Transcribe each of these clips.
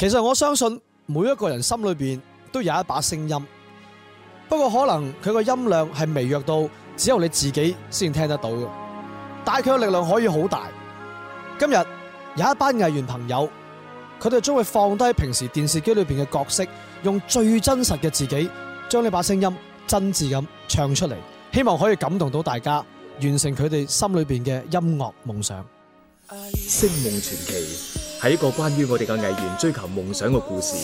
其實我相信每一個人心裏邊都有一把聲音，不過可能佢個音量係微弱到只有你自己先聽得到嘅，但係佢嘅力量可以好大。今日有一班藝員朋友，佢哋將會放低平時電視機裏邊嘅角色，用最真實嘅自己，將呢把聲音真摯咁唱出嚟，希望可以感動到大家，完成佢哋心裏邊嘅音樂夢想。星夢傳奇。係一個關於我哋嘅藝員追求夢想嘅故事，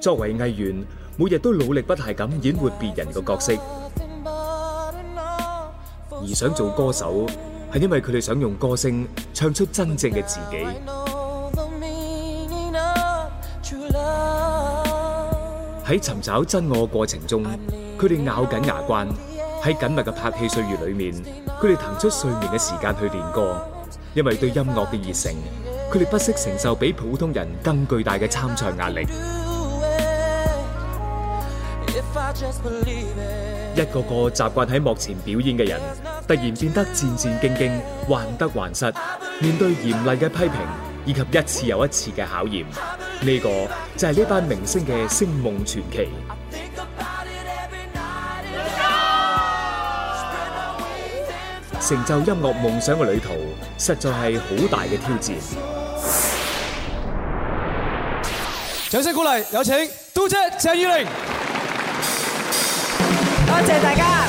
作為藝員，每日都努力不懈咁演活別人嘅角色，而想做歌手，係因為佢哋想用歌聲唱出真正嘅自己。喺尋找真我嘅過程中，佢哋咬緊牙關，喺緊密嘅拍戲歲月裏面，佢哋騰出睡眠嘅時間去練歌，因為對音樂嘅熱誠。佢哋不惜承受比普通人更巨大嘅參賽壓力，一個個習慣喺幕前表演嘅人，突然變得戰戰兢兢、患得患失，面對嚴厲嘅批評以及一次又一次嘅考驗。呢個就係呢班明星嘅星夢傳奇。成就音樂夢想嘅旅途，實在係好大嘅挑戰。掌聲鼓勵，有請都姐鄭伊玲。多謝大家，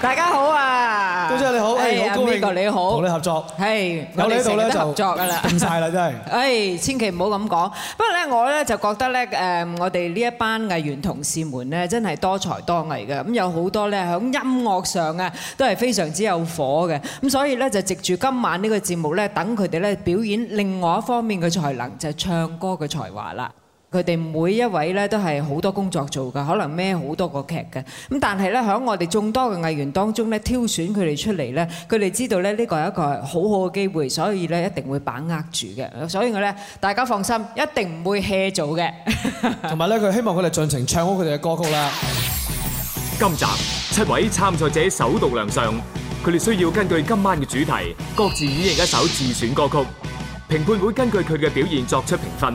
大家好。個你好，同你合作係有你喺度咧就合作㗎啦，掂曬啦真係。誒，千祈唔好咁講。不過咧，我咧就覺得咧，誒，我哋呢一班藝員同事們咧，真係多才多藝嘅。咁有好多咧，響音樂上啊，都係非常之有火嘅。咁所以咧，就藉住今晚呢個節目咧，等佢哋咧表演另外一方面嘅才能，就係唱歌嘅才華啦。佢哋每一位咧都係好多工作做噶，可能孭好多個劇嘅。咁但係咧，喺我哋眾多嘅藝員當中咧，挑選佢哋出嚟咧，佢哋知道咧呢個係一個好好嘅機會，所以咧一定會把握住嘅。所以我咧，大家放心，一定唔會 hea 做嘅。同埋咧，佢希望佢哋盡情唱好佢哋嘅歌曲啦。今集七位參賽者首度亮相，佢哋需要根據今晚嘅主題，各自演繹一首自選歌曲。評判會根據佢嘅表現作出評分。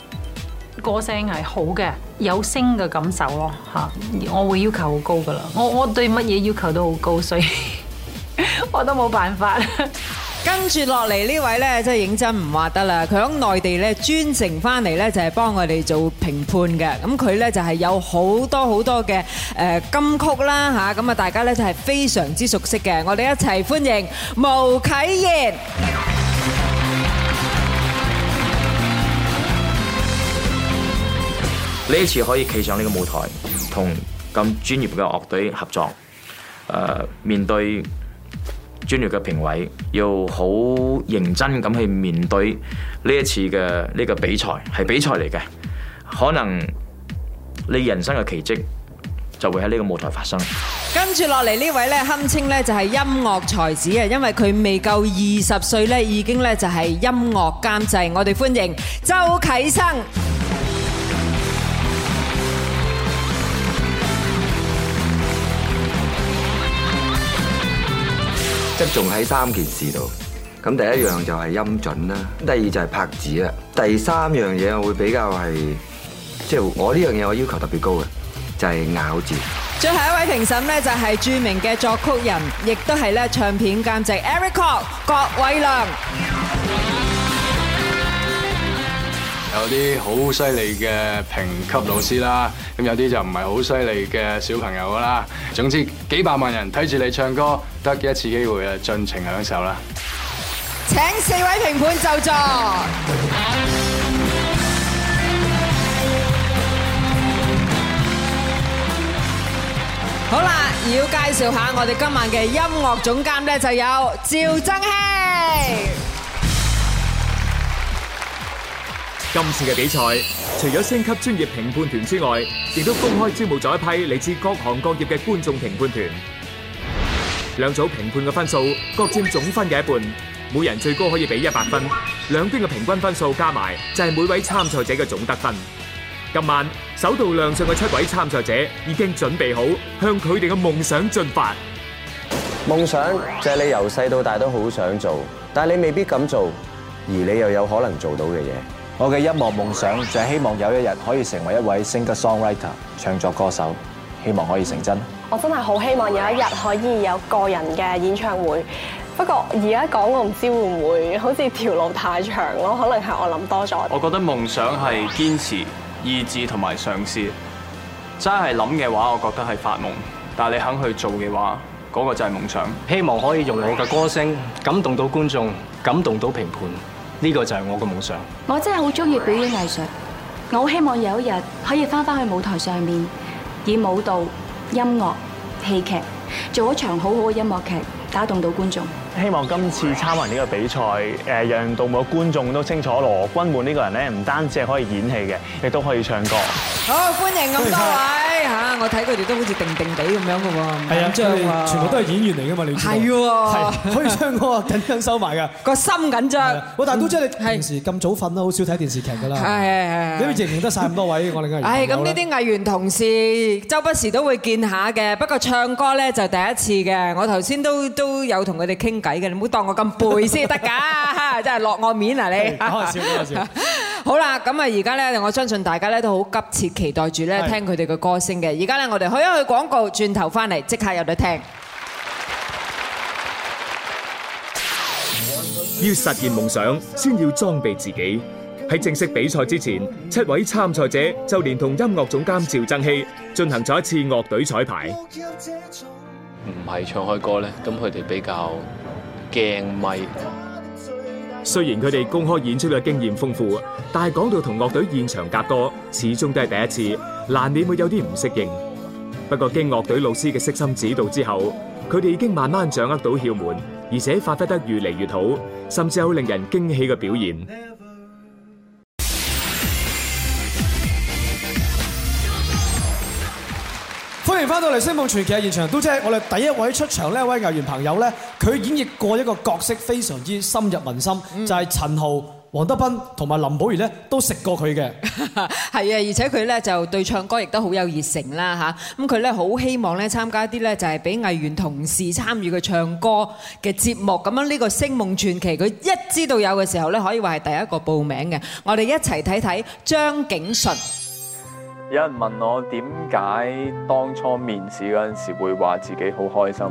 歌聲係好嘅，有聲嘅感受咯嚇，我會要求好高噶啦，我我對乜嘢要求都好高，所以我都冇辦法。跟住落嚟呢位咧，真係認真唔話得啦，佢喺內地咧專程翻嚟咧，就係幫我哋做評判嘅。咁佢咧就係有好多好多嘅誒金曲啦嚇，咁啊大家咧就係非常之熟悉嘅，我哋一齊歡迎巫啟賢。呢一次可以企上呢個舞台，同咁專業嘅樂隊合作，誒、呃，面對專業嘅評委，要好認真咁去面對呢一次嘅呢個比賽，係比賽嚟嘅。可能你人生嘅奇蹟就會喺呢個舞台發生。跟住落嚟呢位呢，堪稱呢就係音樂才子啊！因為佢未夠二十歲呢已經呢就係音樂監製。我哋歡迎周啟生。集中喺三件事度，咁第一樣就係音準啦，第二就係拍子啦，第三樣嘢我會比較係，即係我呢樣嘢我要求特別高嘅，就係咬字。最後一位評審咧就係著名嘅作曲人，亦都係咧唱片監製 Eric Kwok 郭偉亮。有啲好犀利嘅評級老師啦，咁有啲就唔係好犀利嘅小朋友啦。總之，幾百萬人睇住你唱歌。得一次機會啊，盡情享受啦！請四位評判就座。好啦，要介紹下我哋今晚嘅音樂總監咧，就有趙增熹。今次嘅比賽，除咗星級專業評判團之外，亦都公開招募咗一批嚟自各行各業嘅觀眾評判團。兩組評判嘅分數各占總分嘅一半，每人最高可以俾一百分。兩邊嘅平均分數加埋就係每位參賽者嘅總得分。今晚首度亮相嘅七位參賽者已經準備好向佢哋嘅夢想進發。夢想就係你由細到大都好想做，但係你未必敢做，而你又有可能做到嘅嘢。我嘅音樂夢想就係希望有一日可以成為一位 singer-songwriter，唱作歌手。希望可以成真。我真係好希望有一日可以有個人嘅演唱會，不過而家講我唔知會唔會，好似條路太長咯，可能係我諗多咗。我覺得夢想係堅持、意志同埋嘗試。真係諗嘅話，我覺得係發夢。但係你肯去做嘅話，嗰個就係夢想。希望可以用我嘅歌聲感動到觀眾，感動到評判。呢個就係我嘅夢想。我真係好中意表演藝術，我希望有一日可以翻返去舞台上面。以舞蹈、音樂、戲劇做一場好好嘅音樂劇打動到觀眾。希望今次參加呢個比賽，誒讓到每個觀眾都清楚羅鈞滿呢個人咧，唔單止係可以演戲嘅，亦都，都對、啊、對可以唱歌。好歡迎咁多位嚇！我睇佢哋都好似定定地咁樣嘅喎，唔緊張喎。全部都係演員嚟嘅嘛？你係喎，可以唱歌啊，緊緊收埋嘅，個心緊張。我大係都你平時咁早瞓都好少睇電視劇㗎啦。係係係。你認唔認得晒咁多位我哋嘅？唉咁呢啲藝員同事周不時都會見下嘅。不過唱歌咧就第一次嘅，我頭先都都有同佢哋傾。計嘅，你唔好當我咁背先得噶，真係落我面啊你！講下笑，講下笑。好啦，咁啊，而家咧，我相信大家咧都好急切期待住咧聽佢哋嘅歌聲嘅。而家咧，我哋開一開廣告，轉頭翻嚟，即刻有得聽。要實現夢想，先要裝備自己。喺正式比賽之前，七位參賽者就連同音樂總監趙增熹進行咗一次樂隊彩排。唔係唱開歌咧，咁佢哋比較。鏡迷，雖然佢哋公開演出嘅經驗豐富，但係講到同樂隊現場夾歌，始終都係第一次，難免會有啲唔適應。不過經樂隊老師嘅悉心指導之後，佢哋已經慢慢掌握到竅門，而且發揮得越嚟越好，甚至有令人驚喜嘅表現。歡迎翻到嚟《星夢傳奇》嘅現場都即係，我哋第一位出場呢位藝員朋友呢，佢演繹過一個角色非常之深入民心，就係陳豪、黃德斌同埋林保怡呢都食過佢嘅。係啊，而且佢呢就對唱歌亦都好有熱誠啦吓，咁佢呢好希望呢參加啲呢就係俾藝員同事參與佢唱歌嘅節目。咁樣呢個《星夢傳奇》，佢一知道有嘅時候呢，可以話係第一個報名嘅。我哋一齊睇睇張景淳。有人問我點解當初面試嗰陣時會話自己好開心？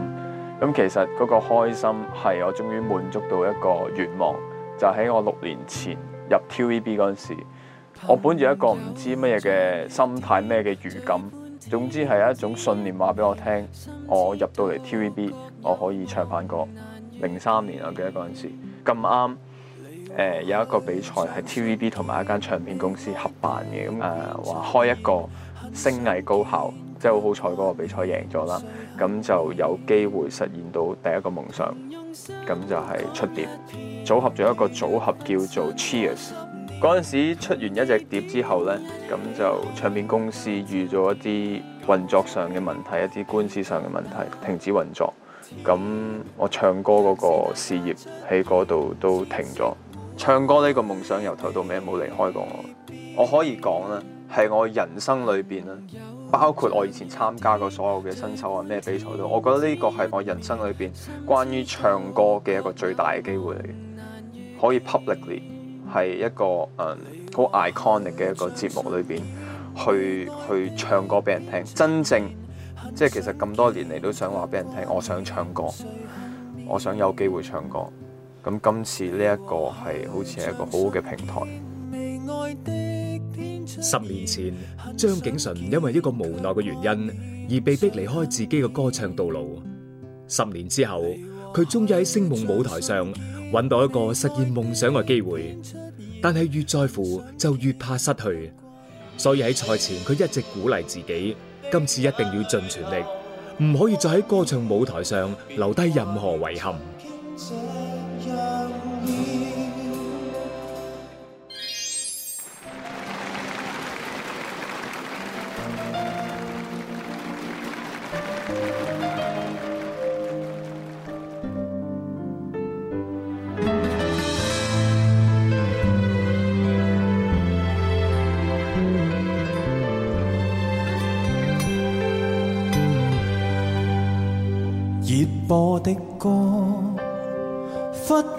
咁其實嗰個開心係我終於滿足到一個願望，就喺我六年前入 TVB 嗰陣時，我本住一個唔知乜嘢嘅心態，咩嘅預感，總之係一種信念話俾我聽，我入到嚟 TVB 我可以唱返歌。零三年我記得嗰陣時咁啱。誒有一個比賽係 TVB 同埋一間唱片公司合辦嘅，咁誒話開一個星藝高校，即係好好彩嗰個比賽贏咗啦，咁就有機會實現到第一個夢想，咁就係出碟，組合咗一個組合叫做 Cheers。嗰陣時出完一隻碟之後呢，咁就唱片公司遇咗一啲運作上嘅問題，一啲官司上嘅問題，停止運作，咁我唱歌嗰個事業喺嗰度都停咗。唱歌呢個夢想由頭到尾冇離開過我，我可以講呢，係我人生裏面，包括我以前參加過所有嘅新手啊咩比賽都，我覺得呢個係我人生裏面關於唱歌嘅一個最大嘅機會嚟嘅，可以 publicly 係一個誒好、um, iconic 嘅一個節目裏面去去唱歌俾人聽，真正即係其實咁多年嚟都想話俾人聽，我想唱歌，我想有機會唱歌。咁今次呢一個係好似係一個好好嘅平台。十年前，張景淳因為一個無奈嘅原因而被迫離開自己嘅歌唱道路。十年之後，佢終於喺星夢舞台上搵到一個實現夢想嘅機會。但係越在乎就越怕失去，所以喺賽前佢一直鼓勵自己，今次一定要盡全力，唔可以再喺歌唱舞台上留低任何遺憾。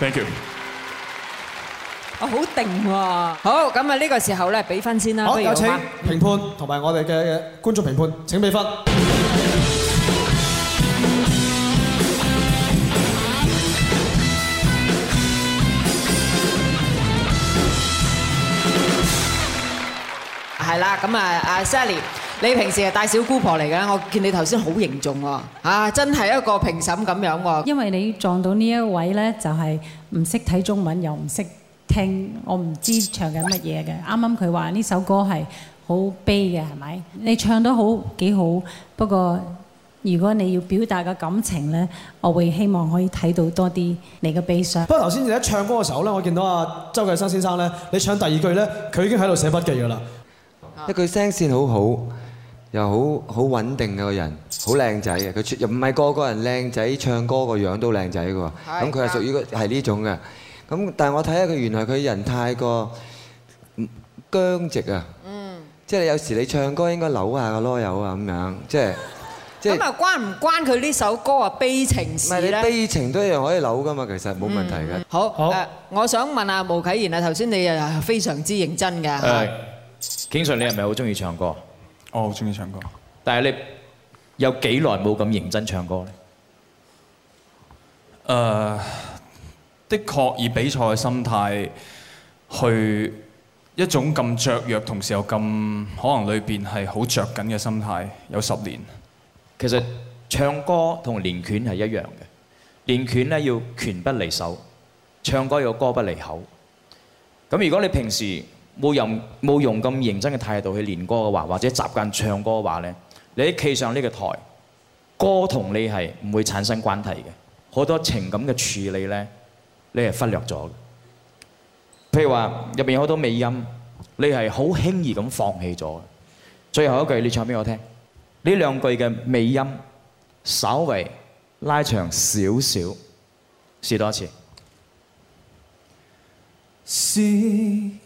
Thank you。我好定喎。好，咁啊呢個時候咧，俾分先啦。好，有請評判同埋我哋嘅觀眾評判請俾分。係啦，咁啊阿 Sally。你平時係帶小姑婆嚟嘅，我見你頭先好凝重啊，真係一個評審咁樣喎。因為你撞到呢一位呢，就係唔識睇中文又唔識聽，我唔知唱緊乜嘢嘅。啱啱佢話呢首歌係好悲嘅，係咪？你唱得好幾好，不過如果你要表達個感情呢，我會希望可以睇到多啲你嘅悲傷。不過頭先你一唱歌嘅時候呢，我見到啊周啟生先生呢，你唱第二句呢，佢已經喺度寫筆記㗎啦。一句聲線好好。就好好穩定嘅個人，好靚仔嘅。佢又唔係個個人靚仔，唱歌個樣都靚仔嘅喎。咁佢係屬於係呢種嘅。咁但係我睇下佢原來佢人太過僵直啊。嗯，即係有時你唱歌應該扭下個囉柚啊咁樣，即係即係。咁啊關唔關佢呢首歌啊悲情事咧？悲情都一樣可以扭㗎嘛，其實冇問題嘅。好，好。我想問下巫啟賢啊，頭先你又係非常之認真嘅嚇。係，經常你係咪好中意唱歌？我好鍾意唱歌，但係你有幾耐冇咁認真唱歌呢？誒，的確以比賽嘅心態去一種咁雀躍，同時又咁可能裏邊係好着緊嘅心態，有十年。其實唱歌同練拳係一樣嘅，練拳咧要拳不離手，唱歌要歌不離口。咁如果你平時，冇用冇用咁認真嘅態度去練歌嘅話，或者習慣唱歌嘅話咧，你企上呢個台，歌同你係唔會產生關係嘅，好多情感嘅處理咧，你係忽略咗嘅。譬如話入邊好多尾音，你係好輕易咁放棄咗。最後一句你唱俾我聽，呢兩句嘅尾音稍微拉長少少，試多一次。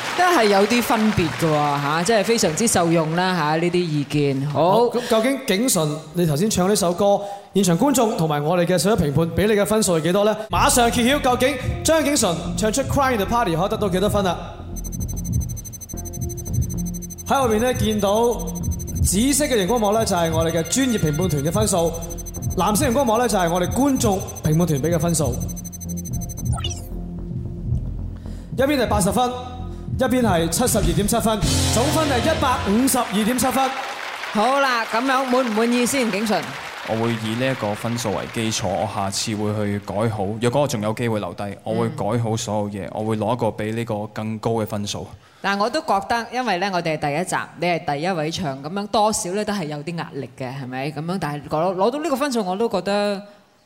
真係有啲分別嘅喎，嚇！真係非常之受用啦，嚇呢啲意見。好，好，咁究竟景淳，你頭先唱呢首歌，現場觀眾同埋我哋嘅所有評判俾你嘅分數係幾多咧？馬上揭曉，究竟張景淳唱出《Crying in the Party》可以得到幾多分啦？喺後邊咧，見到紫色嘅熒光幕咧，就係我哋嘅專業評判團嘅分數；藍色熒光幕咧，就係我哋觀眾評判團俾嘅分數。一邊係八十分。一邊係七十二點七分，總分係一百五十二點七分好。好啦，咁樣滿唔滿意先，景淳？我會以呢一個分數為基礎，我下次會去改好。若果我仲有機會留低，我會改好所有嘢，我會攞一個比呢個更高嘅分數。但我都覺得，因為呢，我哋係第一集，你係第一位唱，咁樣多少呢都係有啲壓力嘅，係咪咁樣？但係攞到呢個分數，我都覺得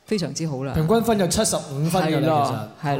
非常之好啦。平均分有七十五分㗎啦，對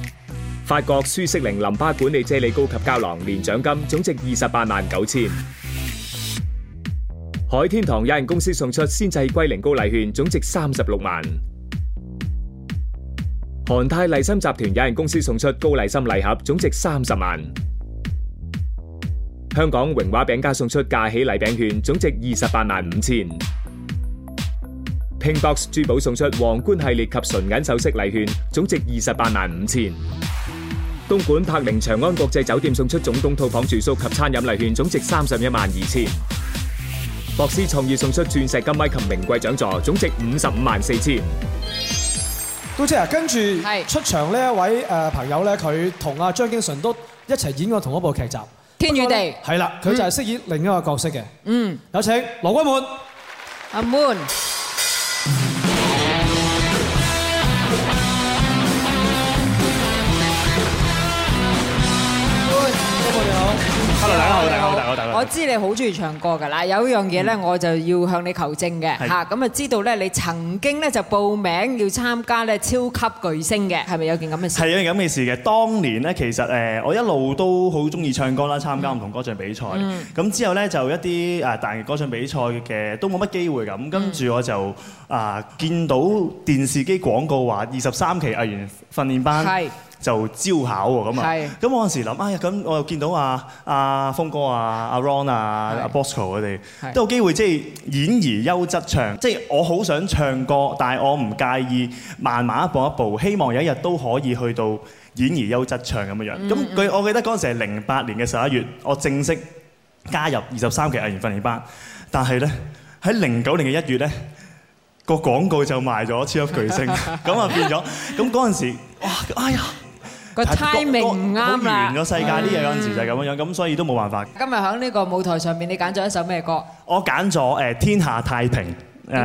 法國舒適靈淋巴管理啫喱高級膠囊年獎金總值二十八萬九千；海天堂有限公司送出先製龜苓膏禮券總值三十六萬；韓泰麗參集團有限公司送出高麗參禮盒總值三十萬；香港榮華餅家送出嫁娶禮餅券總值二十八萬五千；Pinbox 珠寶送出皇冠系列及純銀首飾禮券總值二十八萬五千。東莞柏寧長安國際酒店送出總統套房住宿及餐飲禮券，總值三十一萬二千；博思創意送出鑽石金咪及名貴獎座，總值五十五萬四千。多謝啊！跟住出場呢一位誒朋友咧，佢同阿張景淳都一齊演過同一部劇集《天與地》，係啦，佢就係飾演另一個角色嘅。嗯，有請羅鈞滿。阿 Moon。好好好好好好好好好，我知你好中意唱歌噶，嗱，有一樣嘢咧，我就要向你求證嘅嚇。咁啊，知道咧你曾經咧就報名要參加咧超級巨聲嘅，係咪有件咁嘅事？係有件咁嘅事嘅。當年咧，其實誒，我一路都好中意唱歌啦，參加唔同歌唱比賽。咁、嗯、之後咧，就一啲誒大型歌唱比賽嘅，都冇乜機會咁。跟住我就啊，見到電視機廣告話二十三期藝員訓練班。就招考喎咁啊！咁我嗰陣時諗，哎呀咁，我又見到啊啊峰哥啊、Aaron 啊、Bosco 佢哋都有機會即係演而優則唱。即係我好想唱歌，但係我唔介意慢慢一步一步，希望有一日都可以去到演而優則唱咁嘅樣。咁佢，我記得嗰陣時係零八年嘅十一月，我正式加入二十三期藝員訓練班。但係咧，喺零九年嘅一月咧，個廣告就賣咗超級巨聲，咁啊變咗。咁嗰陣時，哇，哎呀！個 timing 唔啱，好完個世界呢樣嘢就係咁樣，咁所以都冇辦法。今日喺呢個舞台上面，你揀咗一首咩歌？我揀咗誒《天下太平》，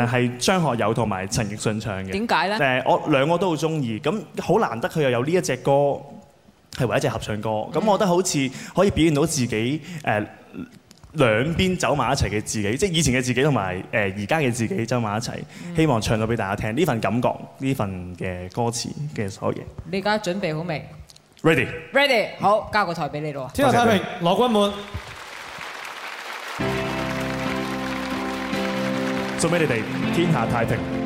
誒係張學友同埋陳奕迅唱嘅。點解咧？誒，我兩個都好鍾意，咁好難得佢又有呢一隻歌係為一隻合唱歌，咁我覺得好似可以表現到自己誒。兩邊走埋一齊嘅自己，即係以前嘅自己同埋誒而家嘅自己走埋一齊，希望唱到俾大家聽呢份感覺，呢份嘅歌詞嘅所有嘢。你而家準備好未？Ready，Ready，好，嗎？好，好交個台俾你咯。天下太平，羅鈞滿，送俾你哋天下太平。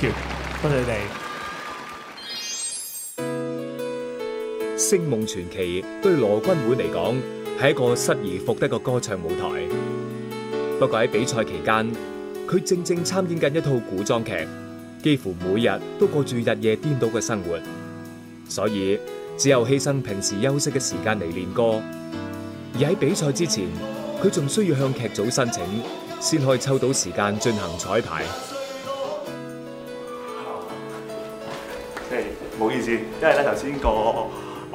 多謝你。星夢傳奇對羅鈞滿嚟講係一個失而復得嘅歌唱舞台。不過喺比賽期間，佢正正參演緊一套古裝劇，幾乎每日都過住日夜顛倒嘅生活。所以只有犧牲平時休息嘅時間嚟練歌。而喺比賽之前，佢仲需要向劇組申請，先可以抽到時間進行彩排。唔好意思，因為咧頭先個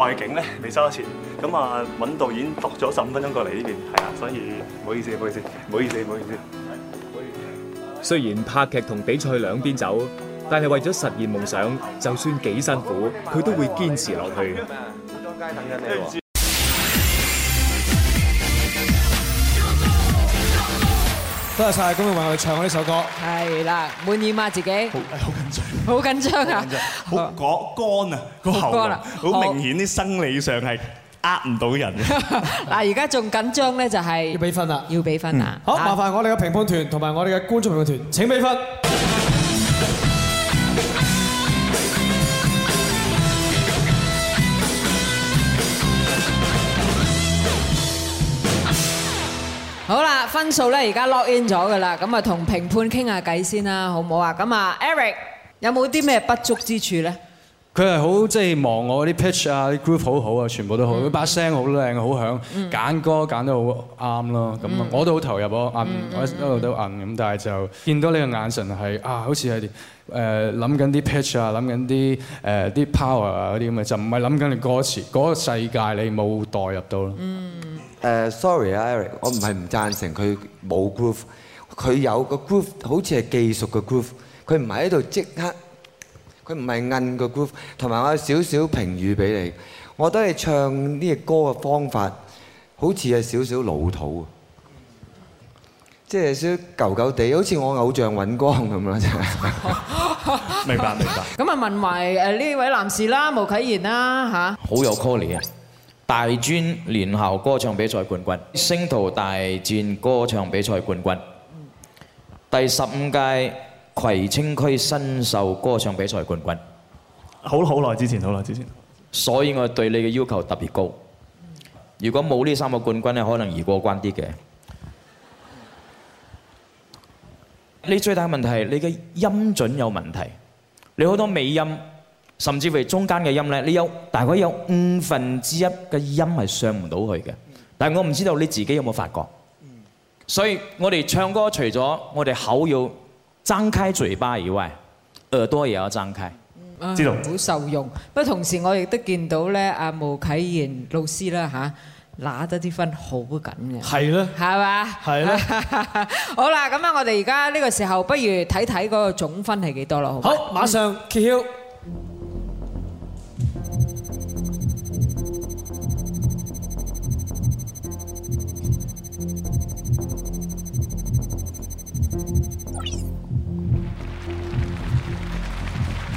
外景咧未收錢，咁啊尹導演讀咗十五分鐘過嚟呢邊，係啊，所以唔好意思，唔好意思，唔好意思，唔好意思。雖然拍劇同比賽兩邊走，但係為咗實現夢想，就算幾辛苦，佢都會堅持落去。多謝晒，今日為我唱呢首歌。係啦，滿意嗎自己？好緊張。好緊張啊！好緊張。好乾啊，個喉。好明顯啲生理上係呃唔到人。嗱，而家仲緊張咧，就係要俾分啦。要俾分啦。好，麻煩我哋嘅評判團同埋我哋嘅觀眾評判團，請俾分。現在分數咧，而家 lock in 咗㗎啦，咁啊，同評判傾下偈先啦，好唔好啊？咁啊，Eric 有冇啲咩不足之處咧？佢係好即係忙，我啲 pitch 啊，啲 groove 好好啊，全部都好，佢把聲好靚好響，揀歌揀得好啱咯，咁我都好投入喎，按一路都按咁，但係就見到你嘅眼神係啊，好似係誒諗緊啲 pitch 啊，諗緊啲誒啲 power 啊嗰啲咁嘅，就唔係諗緊你歌詞，嗰個世界你冇代入到咯。誒，sorry 啊，Eric，我唔係唔贊成佢冇 groove，佢有個 groove，好似係技術嘅 groove，佢唔係喺度即刻，佢唔係韌嘅 groove，同埋我有少少評語俾你，我都係唱呢個歌嘅方法，好似係少少老土，即係少少舊舊地，好似我偶像尹光咁樣，真係。明白明白。咁啊，問埋誒呢位男士啦，巫啟賢啦，嚇。好有 call 你啊！大專聯校歌唱比賽冠軍、星途大戰歌唱比賽冠軍、第十五屆葵青區新秀歌唱比賽冠軍，好好耐之前，好耐之前，所以我對你嘅要求特別高。如果冇呢三個冠軍咧，可能易過關啲嘅。你最大嘅問題係你嘅音準有問題，你好多尾音。甚至乎中間嘅音咧，你有大概有五分之一嘅音係上唔到去嘅。但係我唔知道你自己有冇發覺。所以我哋唱歌除咗我哋口要張開嘴巴以外，耳朵也要張開，知道？好受用。不過同時我亦都見到咧，阿巫啟賢老師啦嚇，拿得啲分好緊嘅。係咯。係嘛？係啦。好啦，咁啊，我哋而家呢個時候，不如睇睇嗰個總分係幾多咯？好。好，馬上揭曉。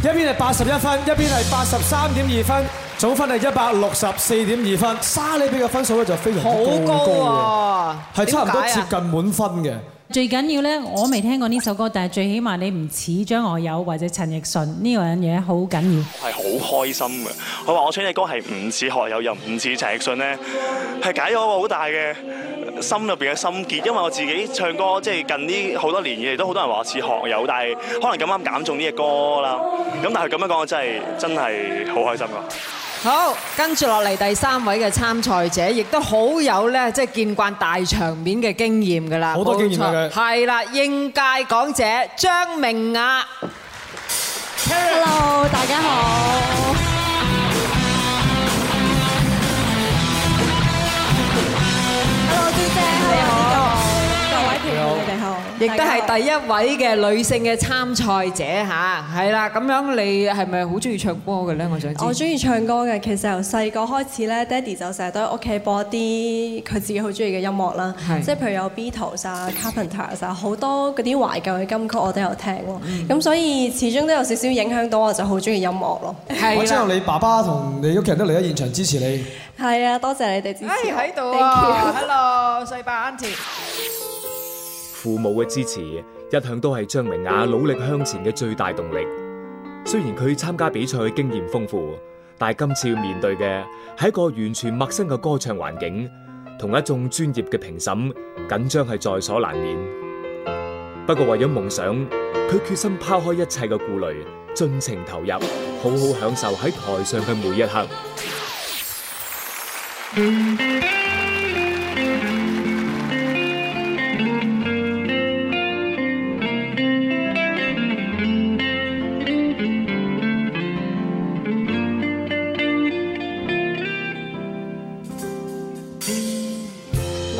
一邊係八十一分，一邊係八十三點二分，總分係一百六十四點二分。沙里比嘅分數呢就非常好高，高，係差唔多接近滿分嘅。最緊要咧，我未聽過呢首歌，但係最起碼你唔似張學友或者陳奕迅呢樣嘢，好緊要。係好開心嘅，佢話我唱嘅歌係唔似學友又唔似陳奕迅咧，係解咗我好大嘅心入邊嘅心結。因為我自己唱歌即係近呢好多年，以嚟都好多人話似學友，但係可能咁啱揀中呢隻歌啦。咁但係咁樣講，我真係真係好開心㗎。好，跟住落嚟第三位嘅參賽者，亦都好有咧，即係見慣大場面嘅經驗㗎啦。好多經驗㗎。係啦，應屆港姐張名雅。Hello，大家好。亦都係第一位嘅女性嘅參賽者嚇，係啦。咁樣你係咪好中意唱歌嘅咧？我想知我中意唱歌嘅，其實由細個開始咧，爹哋就成日都喺屋企播啲佢自己好中意嘅音樂啦。即係譬如有 Beatles 啊、Carpenters 啊，好多嗰啲懷舊嘅金曲我都有聽喎。咁、嗯、所以始終都有少少影響到我就好中意音樂咯。係啦，我知道你爸爸同你屋企人都嚟咗現場支持你對。係啊，多謝你哋支持喺度、啊謝謝。喺度 Hello 細伯 auntie 父母嘅支持一向都係張名雅努力向前嘅最大動力。雖然佢參加比賽經驗豐富，但今次要面對嘅係一個完全陌生嘅歌唱環境，同一眾專業嘅評審，緊張係在所難免。不過為咗夢想，佢決心拋開一切嘅顧慮，盡情投入，好好享受喺台上嘅每一刻。嗯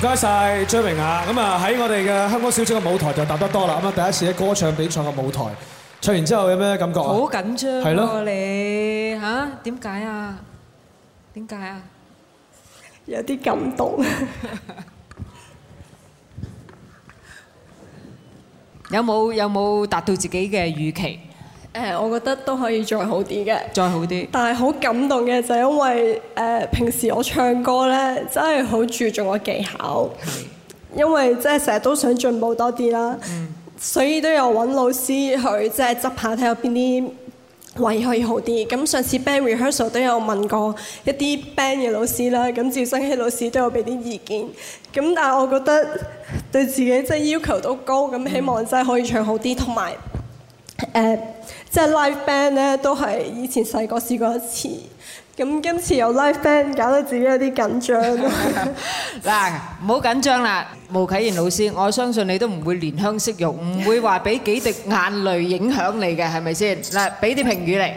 唔該曬，張名雅！咁啊，喺我哋嘅香港小姐嘅舞台就搭得多啦。咁啊，第一次喺歌唱比賽嘅舞台，唱完之後有咩感覺啊？好緊張，係咯你嚇？點解啊？點解啊？有啲感動。有冇有冇達到自己嘅預期？誒、uh，我覺得都可以再好啲嘅，再好啲。但係好感動嘅就係、因為誒，uh, 平時我唱歌呢，真係好注重個技巧，mm. 因為即係成日都想進步多啲啦。Mm. 所以都有揾老師去即係執下，睇下邊啲位可以好啲。咁上次 band rehearsal 都有問過一啲 band 嘅老師啦。咁趙新希老師都有俾啲意見。咁但係我覺得對自己即係要求都高，咁希望真係可以唱好啲，同埋誒。Uh, 即係 live band 咧，都係以前細個試過一次。咁今次有 live band，搞到自己有啲緊張咯。嗱，唔好緊張啦，巫啟賢老師，我相信你都唔會憐香惜玉，唔會話俾幾滴眼淚影響你嘅，係咪先？嗱，俾啲評語嚟。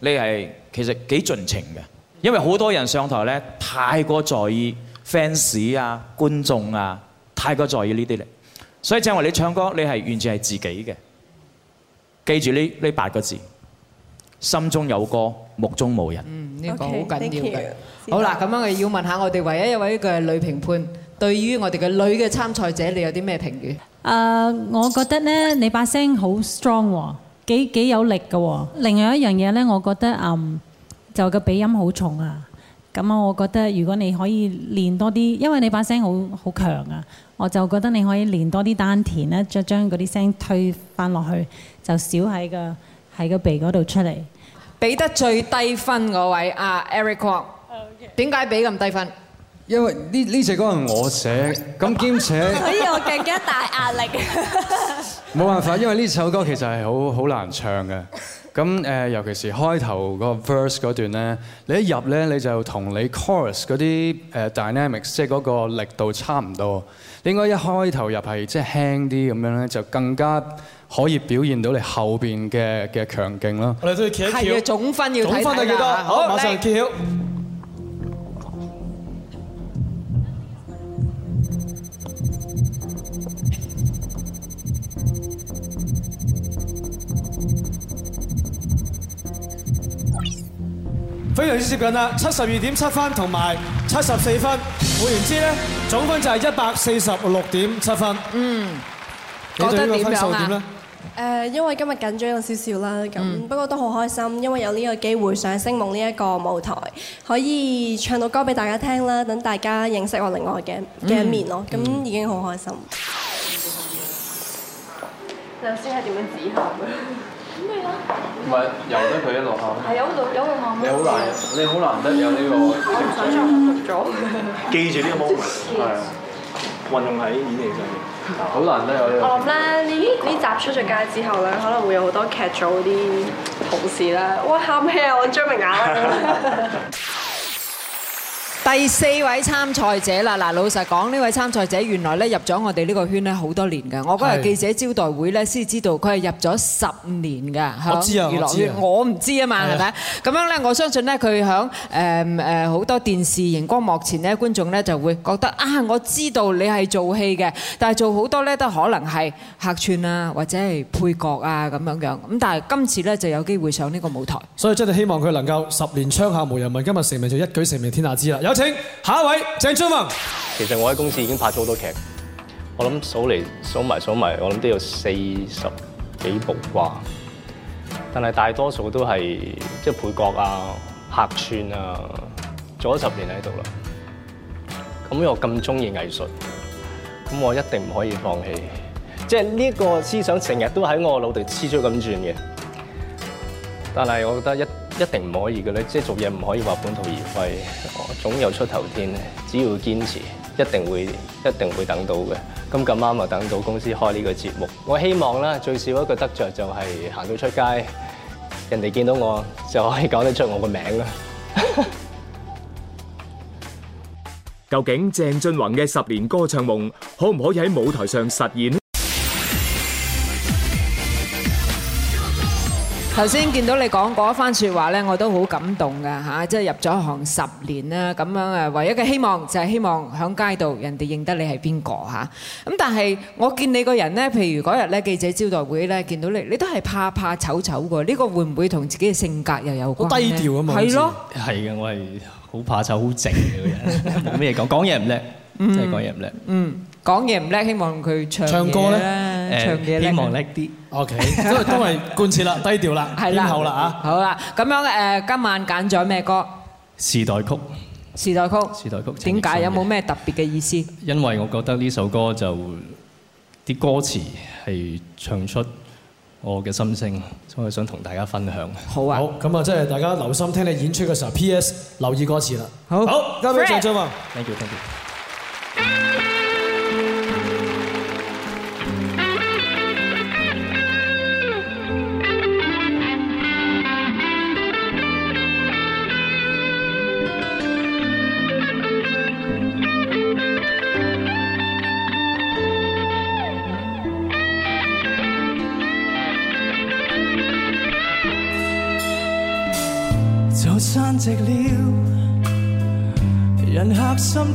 你係其實幾盡情嘅，因為好多人上台咧，太過在意 fans 啊、觀眾啊，太過在意呢啲咧。所以正話你唱歌，你係完全係自己嘅。記住呢呢八個字，心中有歌，目中無人。嗯，呢個好緊要嘅。好啦，咁我要問下我哋唯一一位嘅女評判，對於我哋嘅女嘅參賽者，你有啲咩評語？誒，我覺得呢，你把聲好 strong 喎，幾幾有力㗎。另外一樣嘢呢，我覺得嗯就個鼻音好重啊。咁我覺得如果你可以練多啲，因為你把聲好好強啊，我就覺得你可以練多啲丹田呢，再將嗰啲聲推返落去。就少喺個喺個鼻嗰度出嚟，俾得最低分嗰位啊，Eric，點解俾咁低分？因為呢呢隻歌係我寫，咁兼且俾我更加大壓力。冇辦法，因為呢首歌其實係好好難唱嘅。咁誒，尤其是開頭個 verse 嗰段咧，你一入咧你就同你 chorus 嗰啲誒 dynamics，即係嗰個力度差唔多。應該一開頭入係即係輕啲咁樣咧，就更加，可以表現到你後面嘅強勁啦。係啊，總分要睇睇總分幾多？好，馬上揭曉。非常之接近啦，七十二點七分同埋七十四分，換言之咧，總分就係一百四十六點七分。嗯，覺得點樣啊？誒，因為今日緊張咗少少啦，咁不過都好開心，因為有呢個機會上星夢呢一個舞台，可以唱到歌俾大家聽啦，等大家認識我另外嘅嘅一面咯，咁已經好開心。首先係點樣止喊咁你啊？唔係由得佢一路喊，係有有嘅你好難，你好難得有呢個，我唔想再學咗，記住呢個 moment 係。運用喺演戲上面，好難都有我諗，咧呢呢集出咗街之後咧，可能會有好多劇組啲同事咧，哇！喊咩啊？我張名雅啊！第四位參賽者啦！嗱，老實講，呢位參賽者原來咧入咗我哋呢個圈咧好多年嘅。我嗰日記者招待會咧先知道佢係入咗十年嘅娛樂圈，我唔知啊嘛，係咪？咁樣咧，我相信咧佢響誒誒好多電視熒光幕前咧，觀眾咧就會覺得啊，我知道你係做戲嘅，但係做好多咧都可能係客串啊，或者係配角啊咁樣樣。咁但係今次咧就有機會上呢個舞台，所以真係希望佢能夠十年窗下無人問，今日成名就一舉成名天下知啦！有。請下一位鄭俊弘。其實我喺公司已經拍咗好多劇，我諗數嚟數埋數埋，我諗都有四十幾部啩，但係大多數都係即係配角啊、客串啊，做咗十年喺度啦。咁我咁中意藝術，咁我一定唔可以放棄，即係呢個思想成日都喺我腦度黐咗咁轉嘅。但係，我覺得一一定唔可以嘅咧，即係做嘢唔可以話半途而廢，總有出頭天。只要堅持，一定會，一定會等到嘅。咁咁啱又等到公司開呢個節目。我希望咧最少一個得著就係行到出街，人哋見到我就可以講得出我個名啦。究竟鄭俊弘嘅十年歌唱夢可唔可以喺舞台上實現？頭先見到你講嗰一番説話咧，我都好感動㗎吓，即係入咗行十年啦，咁樣誒，唯一嘅希望就係希望喺街度人哋認得你係邊個吓。咁但係我見你個人咧，譬如嗰日咧記者招待會咧見到你，你都係怕怕醜醜嘅。呢個會唔會同自己嘅性格又有好低調啊嘛？係咯，係嘅，我係好怕醜，好靜嘅人，冇咩講，講嘢唔叻，真係講嘢唔叻，嗯。講嘢唔叻，希望佢唱唱歌咧，唱嘢希望叻啲。OK，所以都係貫徹啦，低調啦，係啦嚇。好啦，咁樣誒，今晚揀咗咩歌？時代曲。時代曲。時代曲。點解有冇咩特別嘅意思？因為我覺得呢首歌就啲歌詞係唱出我嘅心聲，所以想同大家分享。好啊。好咁啊，即係大家留心聽你演出嘅時候，PS 留意歌詞啦。好，好，交俾張。Thank you，thank you。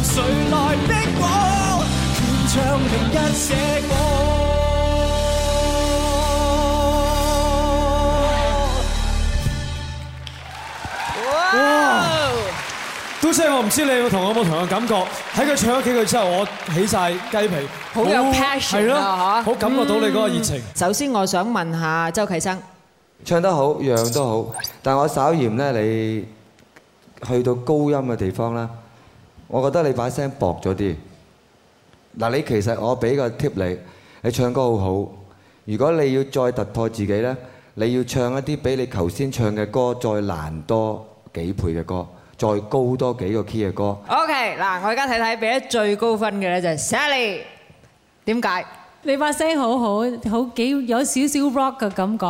誰來逼我？全唱另一些歌。都真係我唔知你有冇同我冇同個感覺。喺佢唱咗幾句之後，我起晒雞皮很，好有 passion 啊！吓，好感覺到你嗰個熱情。首先，我想問下周啟生，唱得好，樣都好，但我稍嫌咧，你去到高音嘅地方咧，我覺得你把聲薄咗啲。嗱，你其實我俾個 tip 你，你唱歌好好。如果你要再突破自己呢，你要唱一啲比你頭先唱嘅歌再難多幾倍嘅歌，再高多幾個 key 嘅歌。O.K. 嗱，我而家睇睇俾最高分嘅呢，就係 Sally。點解？你把聲好好，好幾有少少 rock 嘅感覺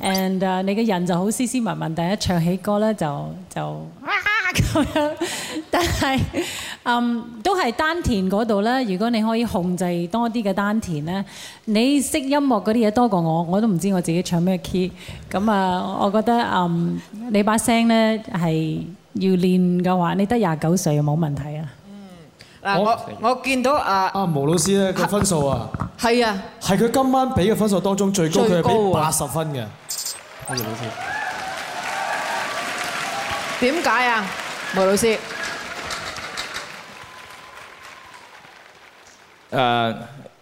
，and 你嘅人就好斯斯文文，但一唱起歌呢，就就。咁 樣，但係，嗯，都係丹田嗰度咧。如果你可以控制多啲嘅丹田咧，你識音樂嗰啲嘢多過我，我都唔知我自己唱咩 key。咁啊，我覺得，嗯，你把聲咧係要練嘅話你，你得廿九歲又冇問題啊。嗯，嗱，我我見到啊，啊，毛老師咧，個分數啊，係啊，係佢今晚俾嘅分數當中最高，佢係俾八十分嘅。毛老師，點解啊？莫老師，誒，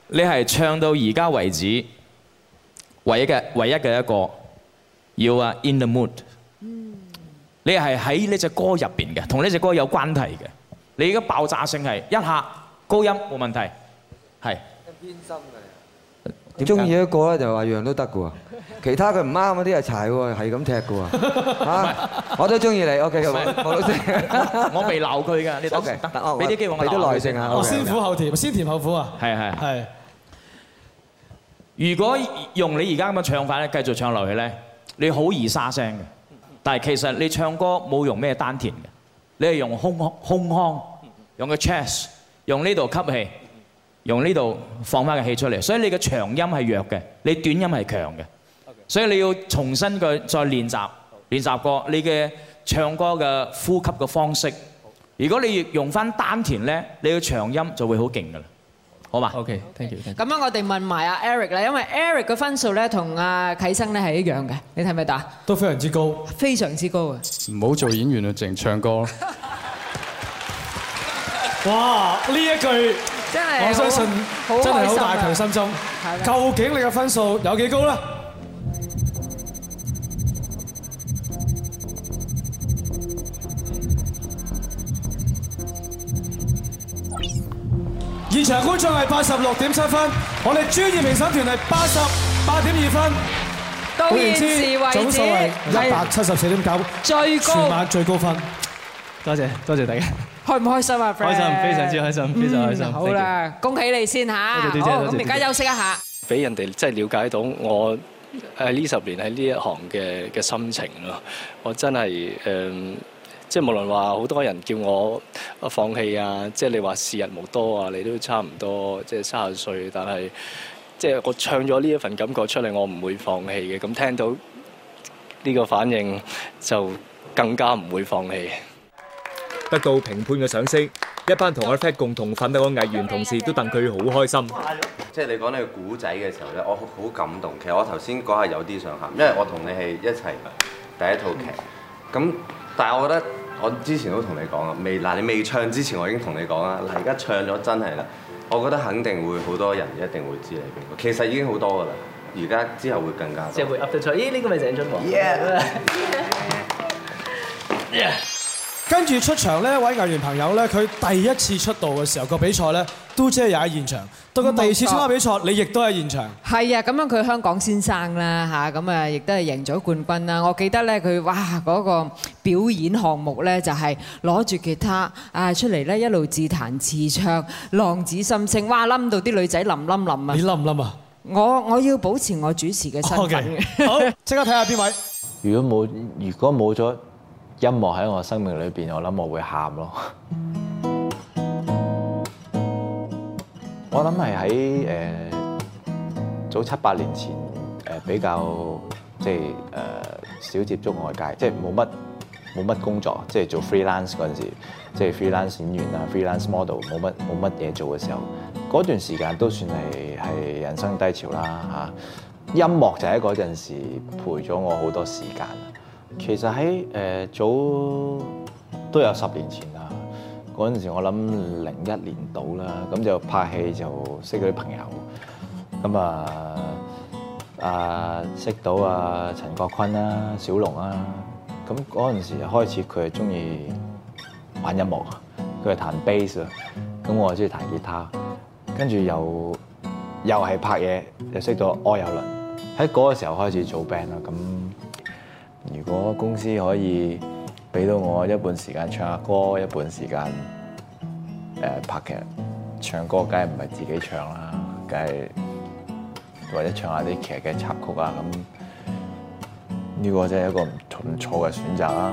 你係唱到而家為止，唯一嘅唯一嘅一個，You are，In the mood。嗯。你係喺呢隻歌入邊嘅，同呢隻歌有關係嘅。你而家爆炸性係一下高音冇問題，係偏心嘅。中意一個咧就話樣樣都得嘅喎，其他佢唔啱嗰啲係柴喎，係咁踢嘅喎吓，我都中意你 OK，黃老師，我未鬧佢嘅，你得，俾啲機會我，俾啲耐性啊，我先苦後甜，先甜後苦啊，係係係。如果用你而家咁嘅唱法咧，繼續唱落去咧，你好易沙聲嘅，但係其實你唱歌冇用咩丹田嘅，你係用胸胸腔，用個 chest，用呢度吸氣。用呢度放翻個氣出嚟，所以你嘅長音係弱嘅，你短音係強嘅，所以你要重新佢再練習練習過你嘅唱歌嘅呼吸嘅方式。如果你越用翻丹田咧，你嘅長音就會好勁噶啦，好嘛？OK，thank you。咁啊，我哋問埋阿 Eric 啦，因為 Eric 嘅分數咧同阿啟生咧係一樣嘅，你睇唔睇得？都非常之高，非常之高啊！唔好做演員啦，淨唱歌啦！哇，呢一句～真我相信真係好大強心針。究竟你嘅分數有幾高呢？現場觀眾係八十六點七分，我哋專業評審團係八十八點二分。到現時總數係一百七十四點九，全晚最高分謝謝。多謝多謝大家。開唔開心啊，friend？開心，非常之開心，非常開心。好啦，恭喜你先吓，好，我而家休息一下。俾人哋即係瞭解到我喺呢十年喺呢一行嘅嘅心情咯。我真係誒，即係無論話好多人叫我放棄啊，即係你話時日無多啊，你都差唔多即係三十歲，但係即係我唱咗呢一份感覺出嚟，我唔會放棄嘅。咁聽到呢個反應，就更加唔會放棄。得到評判嘅賞識，一班同我 Fred 共同奮鬥嘅藝員同事都戥佢好開心。即係你講呢個古仔嘅時候呢，我好感動。其實我頭先講係有啲想喊，因為我同你係一齊第一套劇。咁、okay，但係我覺得我之前都同你講啊，未，嗱你未唱之前，我已經同你講啦。嗱，而家唱咗真係啦，我覺得肯定會好多人一定會知你邊個。其實已經好多㗎啦，而家之後會更加。即係會 up 到場，咦呢個咪鄭俊弘？跟住出場呢一位藝員朋友呢，佢第一次出道嘅時候個比賽呢，都即係也喺現場。到佢第二次參加比賽，你亦都喺現場。係啊，咁樣佢香港先生啦吓，咁啊亦都係贏咗冠軍啦。我記得呢，佢哇嗰個表演項目呢，就係攞住吉他啊出嚟呢，一路自彈自唱，浪子心聲，哇冧到啲女仔冧冧冧啊！你冧唔冧啊？我我要保持我主持嘅身份。好，即 刻睇下邊位。如果冇，如果冇咗。音樂喺我生命裏面，我諗我會喊咯。我諗係喺早七八年前、呃、比較即係誒少接觸外界，即係冇乜冇乜工作，即係做 freelance 嗰陣時，即係 freelance 演員啊，freelance model 冇乜冇乜嘢做嘅時候，嗰段時間都算係人生低潮啦、啊、音樂就喺嗰陣時陪咗我好多時間。其實喺誒、呃、早都有十年前啦，嗰陣時候我諗零一年到啦，咁就拍戲就識咗啲朋友，咁啊啊識到啊陳國坤啦、小龍啦。咁嗰陣時候開始佢係中意玩音樂，佢係彈 bass 啊。咁我係中意彈吉他，跟住又又係拍嘢，又，又識到柯有倫，喺嗰個時候開始做 band 啦，咁。如果公司可以俾到我一半時間唱下歌，一半時間拍劇、唱歌，梗係唔係自己唱啦？梗係或者唱下啲劇嘅插曲啊，咁呢個真係一個唔錯嘅選擇啦。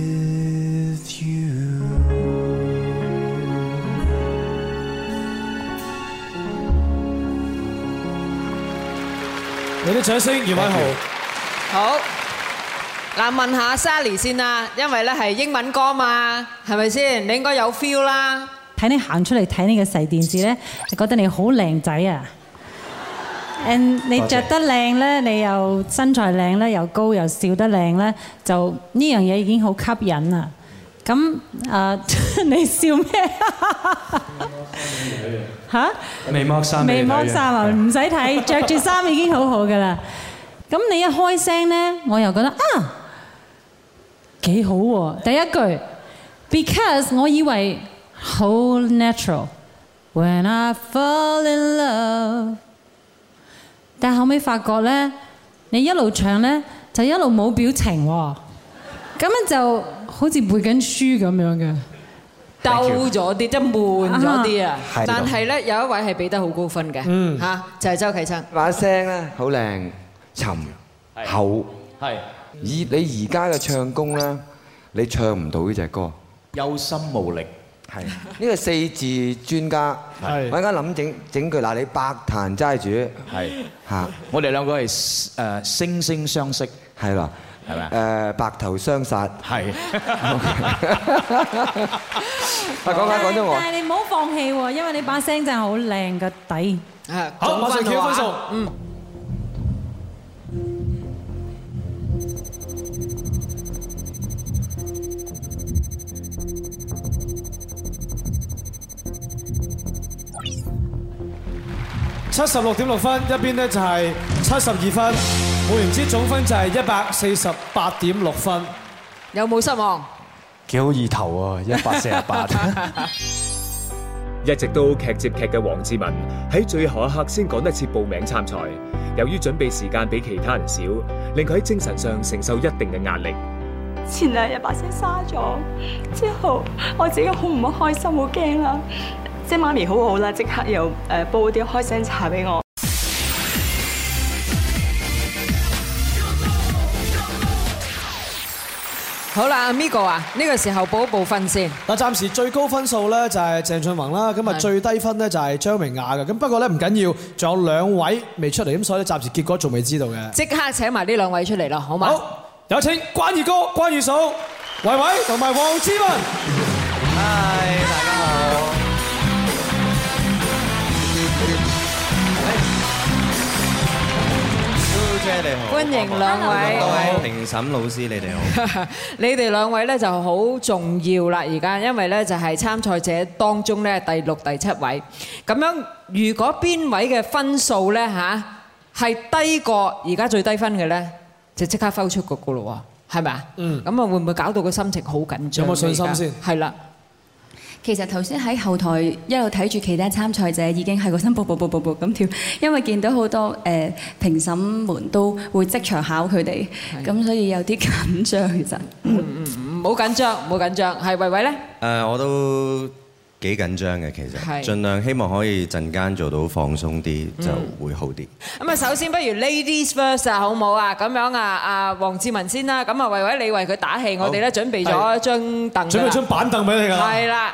有啲掌聲，二位好。好，嗱問下 Sally 先啦，因為咧係英文歌嘛，係咪先？你應該有 feel 啦。睇你行出嚟睇呢個細電視咧，就覺得你好靚仔啊。嗯，你着得靚咧，你又身材靚咧，又高又笑得靚咧，就呢樣嘢已經好吸引啦。咁誒，你笑咩？嚇？未剝衫咩？未剝衫啊，唔使睇，着住衫已經好好㗎喇。咁你一開聲咧，我又覺得啊，幾好喎。第一句，Because 我以為好 natural。When I fall in love，但後尾發覺咧，你一路唱咧就一路冇表情喎。咁樣就。好似背緊書咁樣嘅，鬥咗啲，得悶咗啲啊！但係咧，有一位係俾得好高分嘅，嚇就係周啟生。把聲咧好靚，沉厚，係。以你而家嘅唱功咧，你唱唔到呢隻歌。有心無力，係呢個四字專家。我而家諗整整句嗱，你百壇齋主係嚇，我哋兩個係誒惺惺相惜，係啦。誒，白頭相殺係。 。啊講下講真我但，但你唔好放棄喎，因為你把聲真係好靚嘅底。好，馬上挑分數。嗯。七十六點六分，一邊呢就係七十二分。會員之總分就係一百四十八點六分，有冇失望？幾好意頭啊！一百四十八， 一直都劇接劇嘅黃智雯喺最後一刻先趕得切報名參賽，由於準備時間比其他人少，令佢喺精神上承受一定嘅壓力。前兩日把聲沙咗，之後我自己好唔開心，好驚啊！即媽咪好好啦，即刻又誒煲啲開聲茶俾我。好啦，阿 Migo 啊，呢個時候補一部分先。嗱，暫時最高分數咧就係鄭俊弘啦，咁啊最低分咧就係張名雅嘅。咁不過咧唔緊要，仲有兩位未出嚟，咁所以咧暫時結果仲未知道嘅。即刻請埋呢兩位出嚟啦，好嗎？好，有請關二哥、關二嫂、唯唯同埋黃智雯。歡迎兩位，各位評審老師，你哋好。你哋兩位咧就好重要啦，而家，因為咧就係參賽者當中咧第六、第七位。咁樣如果邊位嘅分數咧吓係低過而家最低分嘅咧，就即刻拋出個噶咯喎，係咪啊？嗯。咁啊，會唔會搞到個心情好緊張？有冇信心先？係啦。其實頭先喺後台一路睇住其他參賽者，已經係個心卜卜卜卜卜咁跳，因為見到好多誒評審們都會即場考佢哋，咁所以有啲緊張其實。嗯嗯，唔好緊張，唔好緊張。係唯唯呢？誒，我都。幾緊張嘅其實，盡量希望可以陣間做到放鬆啲就會好啲。咁啊，首先不如 Ladies First 啊，好唔好啊？咁樣啊，啊，黃智雯先啦。咁啊，維維你為佢打氣，我哋咧準備咗張凳。準備一張板凳俾你㗎。係啦。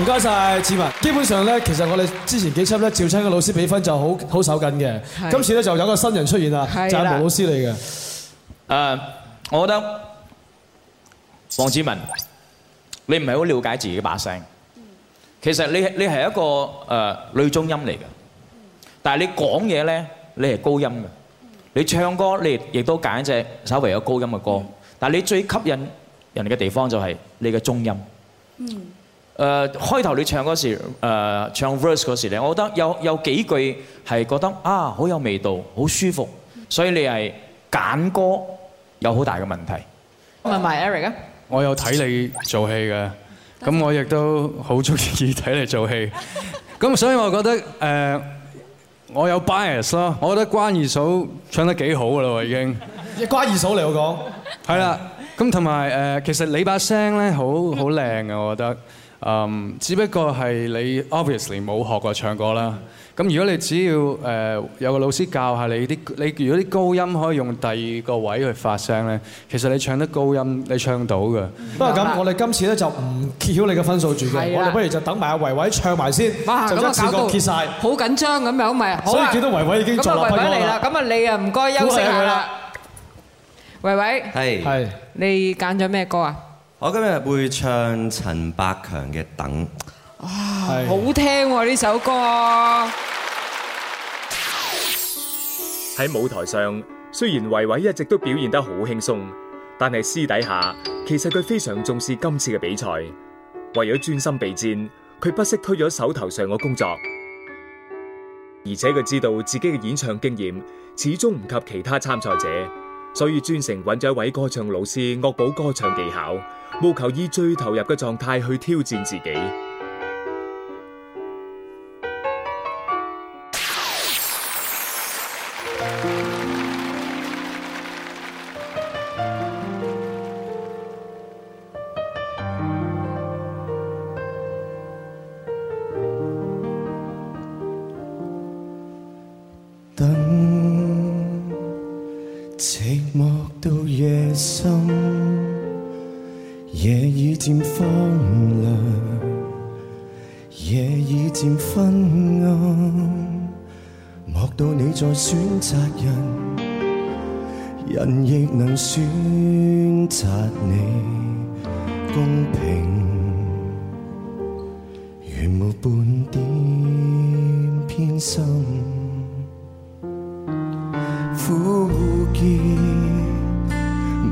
唔該曬，智雯。基本上咧，其實我哋之前幾輯咧，趙生嘅老師比分就好好手緊嘅。今次咧就有個新人出現啦，就係黃老師嚟嘅。誒，我覺得黃智雯，你唔係好瞭解自己把聲。其實你係你係一個誒女中音嚟嘅，但係你講嘢咧，你係高音嘅。你唱歌你亦都揀一隻稍微有高音嘅歌，但係你最吸引人嘅地方就係你嘅中音。誒開頭你唱嗰時，誒唱 verse 嗰時咧，我覺得有有幾句係覺得啊好有味道，好舒服，所以你係揀歌有好大嘅問題。唔係唔係 Eric 啊？我有睇你做戲嘅，咁我亦都好中意睇你做戲。咁所以我覺得誒，我有 bias 咯。我覺得關二嫂唱得幾好噶啦，已經。關二嫂嚟我講，係啦。咁同埋誒，其實你把聲咧好好靚呀，我覺得。嗯，只不過係你 obviously 冇學過唱歌啦。咁如果你只要誒有個老師教下你啲，你如果啲高音可以用第二個位去發聲咧，其實你唱得高音，你唱到㗎。不過咁，我哋今次咧就唔揭曉你嘅分數住嘅。我哋不如就等埋阿唯唯唱埋先，就將首歌揭曬。好緊張咁，又唔係。所以見到唯唯已經坐落嚟啦。咁唯唯嚟啦，咁啊你啊唔該休息下。唯唯。係。係。你揀咗咩歌啊？我今日會唱陳百強嘅《等》，啊，好聽喎，呢、啊、首歌！喺舞台上，雖然唯唯一直都表現得好輕鬆，但係私底下，其實佢非常重視今次嘅比賽。為咗專心備戰，佢不惜推咗手頭上嘅工作。而且佢知道自己嘅演唱經驗始終唔及其他參賽者，所以專程揾咗一位歌唱老師惡補歌唱技巧。務求以最投入嘅狀態去挑戰自己。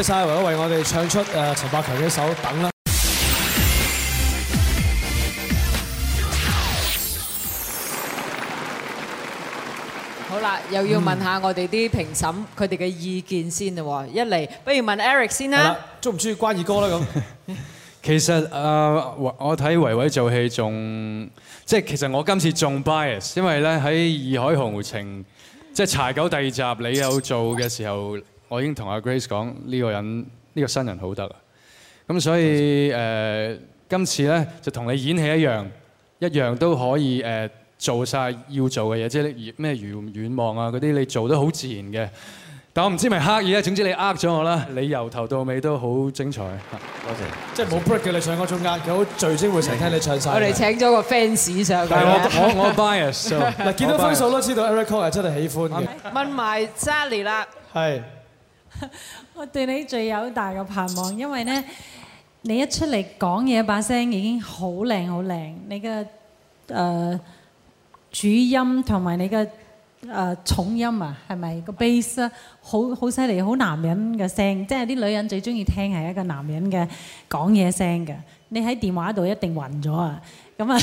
多謝曬唯唯為我哋唱出誒，陳百強嘅一首《等》啦。好啦，又要問下我哋啲評審佢哋嘅意見先啦。一嚟，不如問 Eric 先啦。鍾唔鍾意關二哥咧？咁其實啊，我睇唯唯做戲仲，即係其實我今次仲 bias，因為咧喺《義海豪情》即係柴九第二集你有做嘅時候。我已經同阿 Grace 講呢個人呢個新人好得啊！咁所以誒，今次咧就同你演戲一樣，一樣都可以誒做晒要做嘅嘢，即係咩如願望啊嗰啲，你做得好自然嘅。但我唔知咪刻意咧，總之你呃咗我啦！你由頭到尾都好精彩，多謝。即係冇 break 嘅你唱歌中間，好聚精會神聽你唱晒。我哋請咗個 fans 上嘅。 我我我 bias 嗱，見到分數都知道 Eric Kwok 係真係喜歡嘅。問埋 Jenny 啦。係。我對你最有大嘅盼望，因為呢，你一出嚟講嘢，把聲已經好靚好靚。你嘅誒、呃、主音同埋你嘅誒、呃、重音啊，係咪個 bass 好好犀利，好男人嘅聲，即係啲女人最中意聽係一個男人嘅講嘢聲嘅。你喺電話度一定暈咗啊！咁啊，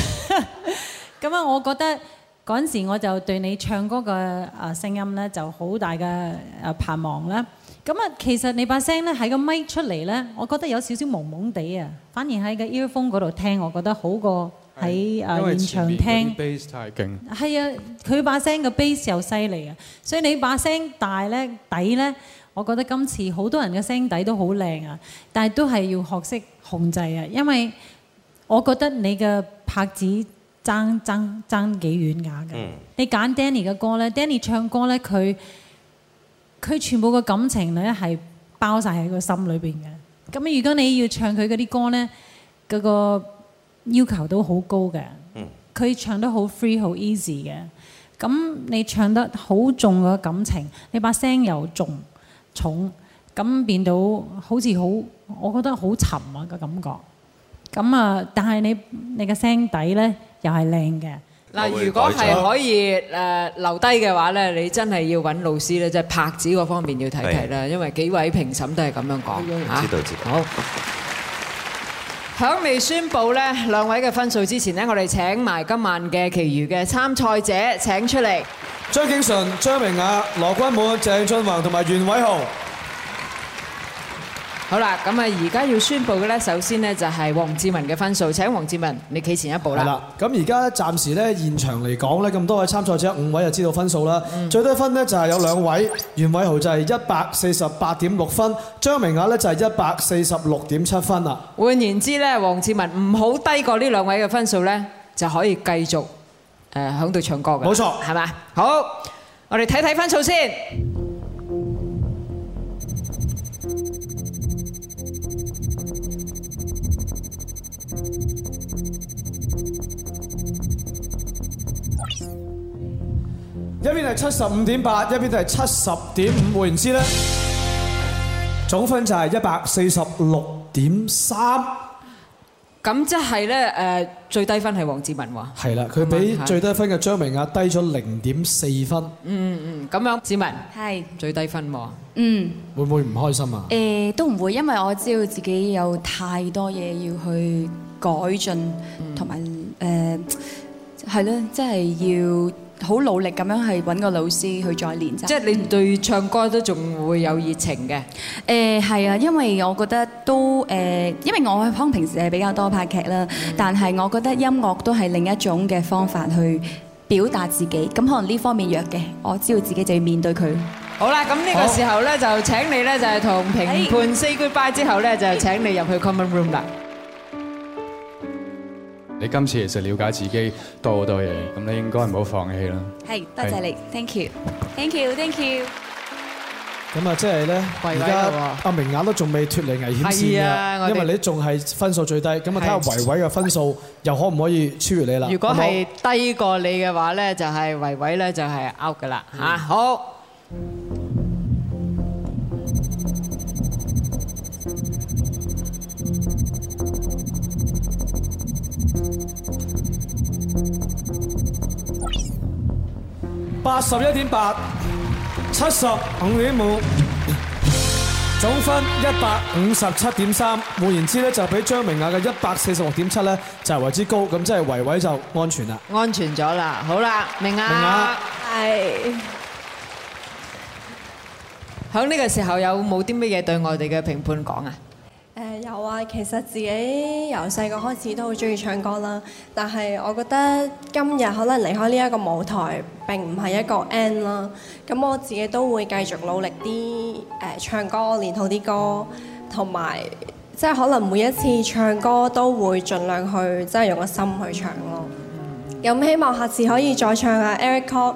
咁啊，我覺得嗰陣時我就對你唱歌嘅誒聲音呢就好大嘅誒盼望啦。咁啊，其實你把聲咧喺個麥出嚟咧，我覺得有少少朦朦地啊。反而喺個 earphone 嗰度聽，我覺得好過喺誒現場聽。因為前邊 bass 太勁。係啊，佢把聲個 bass 又犀利啊，所以你把聲大咧底咧，我覺得今次好多人嘅聲底都好靚啊，但係都係要學識控制啊。因為我覺得你嘅拍子爭爭爭幾遠雅嘅。你揀 Danny 嘅歌咧，Danny 唱歌咧佢，佢全部個感情咧係包曬喺個心裏邊嘅。咁如果你要唱佢嗰啲歌咧，嗰個要求都好高嘅。嗯。佢唱得好 free、好 easy 嘅。咁你唱得好重個感情，你把聲又重重，咁變到好似好，我覺得好沉啊個感覺。咁啊，但係你你個聲底咧又係靚嘅。嗱，如果係可以誒留低嘅話咧，你真係要揾老師咧，即係拍子嗰方面要睇睇啦，因為幾位評審都係咁樣講。知道，知道。好，響未宣佈咧兩位嘅分數之前咧，我哋請埋今晚嘅其餘嘅參賽者請出嚟。張景淳、張名雅、羅鈞滿、鄭俊弘同埋袁偉豪。好啦，咁啊，而家要宣布嘅呢，首先呢就係黃智雯嘅分數，請黃智雯，你企前一步啦。咁而家暫時呢，現場嚟講呢，咁多位參賽者五位就知道分數啦。最低分呢，就係有兩位， 袁偉豪就係一百四十八點六分，張名雅呢就係一百四十六點七分啦。換言之呢，黃智雯唔好低過呢兩位嘅分數呢，就可以繼續誒喺度唱歌嘅。冇錯，係嘛？好，我哋睇睇分數先。一邊係七十五點八，一邊都係七十點五，換言之咧，總分就係一百四十六點三。咁即係咧，誒，最低分係黃智雯喎。係啦，佢比最低分嘅張名雅低咗零點四分。嗯嗯嗯，咁樣，智雯係最低分喎。嗯，會唔會唔開心啊？誒，都唔會，因為我知道自己有太多嘢要去改進，同埋誒，係咯，即係要。好努力咁樣去揾個老師去再練習。即係你對唱歌都仲會有熱情嘅。誒係啊，因為我覺得都誒，因為我可能平時係比較多拍劇啦，但係我覺得音樂都係另一種嘅方法去表達自己。咁可能呢方面弱嘅，我知道自己就要面對佢。好啦，咁呢個時候呢就請你呢就係同評判 say goodbye 之後呢就請你入去 common room 啦。你今次其實瞭解自己多好多嘢，咁你應該唔好放棄啦。係，多謝你，thank you，thank you，thank you。咁啊，即係咧，而家阿名雅都仲未脱離危險線嘅，因為你仲係分數最低，咁啊睇下唯唯嘅分數又可唔可以超越你啦？如果係低過你嘅話咧，就係唯唯咧就係 out 噶啦嚇。好。八十一點八，七十五點五，總分一百五十七點三。換言之咧，就比張名雅嘅一百四十六點七咧就係爲之高。咁即係唯唯就安全啦，安全咗啦。好啦，名雅，係。響呢個時候有冇啲乜嘢對我哋嘅評判講啊？誒有啊，其實自己由細個開始都好中意唱歌啦，但係我覺得今日可能離開呢一個舞台並唔係一個 end 啦，咁我自己都會繼續努力啲，誒唱歌，練好啲歌，同埋即係可能每一次唱歌都會盡量去即係用個心去唱咯。咁希望下次可以再唱下 Eric Kwok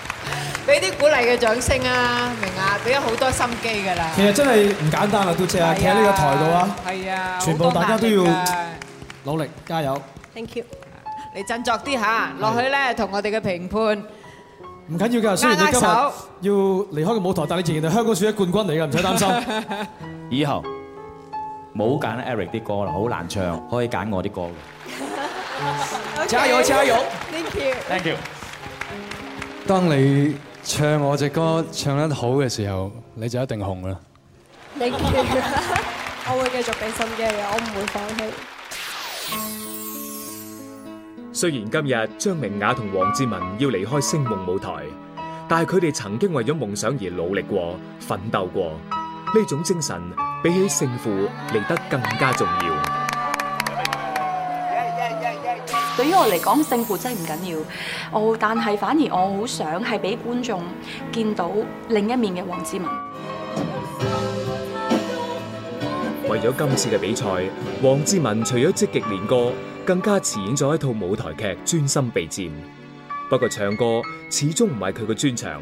俾啲鼓勵嘅掌聲啊，明啊！俾咗好多心機㗎啦。其實真係唔簡單啦，都知啊，企喺呢個台度啊。係啊，全部大家都要努力，加油。Thank you，你振作啲吓，落去咧同我哋嘅評判。唔緊要㗎，雖然你今日要離開個舞台，但係你仍然係香港小姐冠軍嚟㗎，唔使擔心。以後冇揀 Eric 啲歌啦，好難唱，可以揀我啲歌。加油加油！Thank you，Thank you。當你唱我隻歌唱得好嘅時候，你就一定紅啦！你決，我會繼續俾心機嘅，我唔會放棄。雖然今日張名雅同黃智雯要離開星夢舞台，但係佢哋曾經為咗夢想而努力過、奮鬥過，呢種精神比起勝負嚟得更加重要。對於我嚟講，勝負真係唔緊要。我、哦、但係反而我好想係俾觀眾見到另一面嘅黃智雯。為咗今次嘅比賽，黃智雯除咗積極練歌，更加辭演咗一套舞台劇，專心備戰。不過唱歌始終唔係佢嘅專長。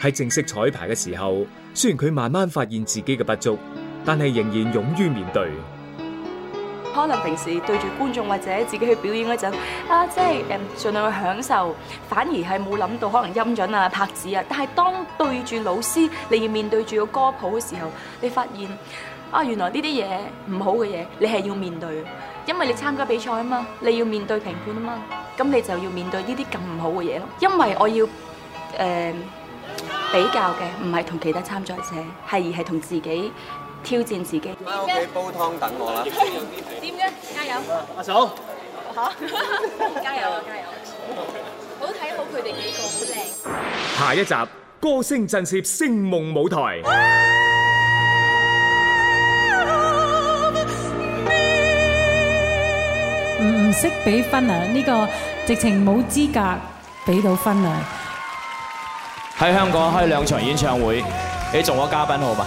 喺正式彩排嘅時候，雖然佢慢慢發現自己嘅不足，但係仍然勇於面對。可能平時對住觀眾或者自己去表演嗰陣啊，即係誒，盡量去享受，反而係冇諗到可能音準啊、拍子啊。但係當對住老師，你要面對住個歌譜嘅時候，你發現啊，原來呢啲嘢唔好嘅嘢，你係要面對嘅，因為你參加比賽啊嘛，你要面對評判啊嘛，咁你就要面對呢啲咁唔好嘅嘢咯。因為我要誒比較嘅，唔係同其他參賽者，係而係同自己。挑戰自己，翻屋企煲湯等我啦。點樣，加油！阿嫂，嚇，加油啊！加油！好睇好佢哋幾個，好靚。下一集歌聲震懾星夢舞台。唔唔識俾分啊！呢個直情冇資格俾到分啊！喺香港開兩場演唱會，你做我嘉賓好吧？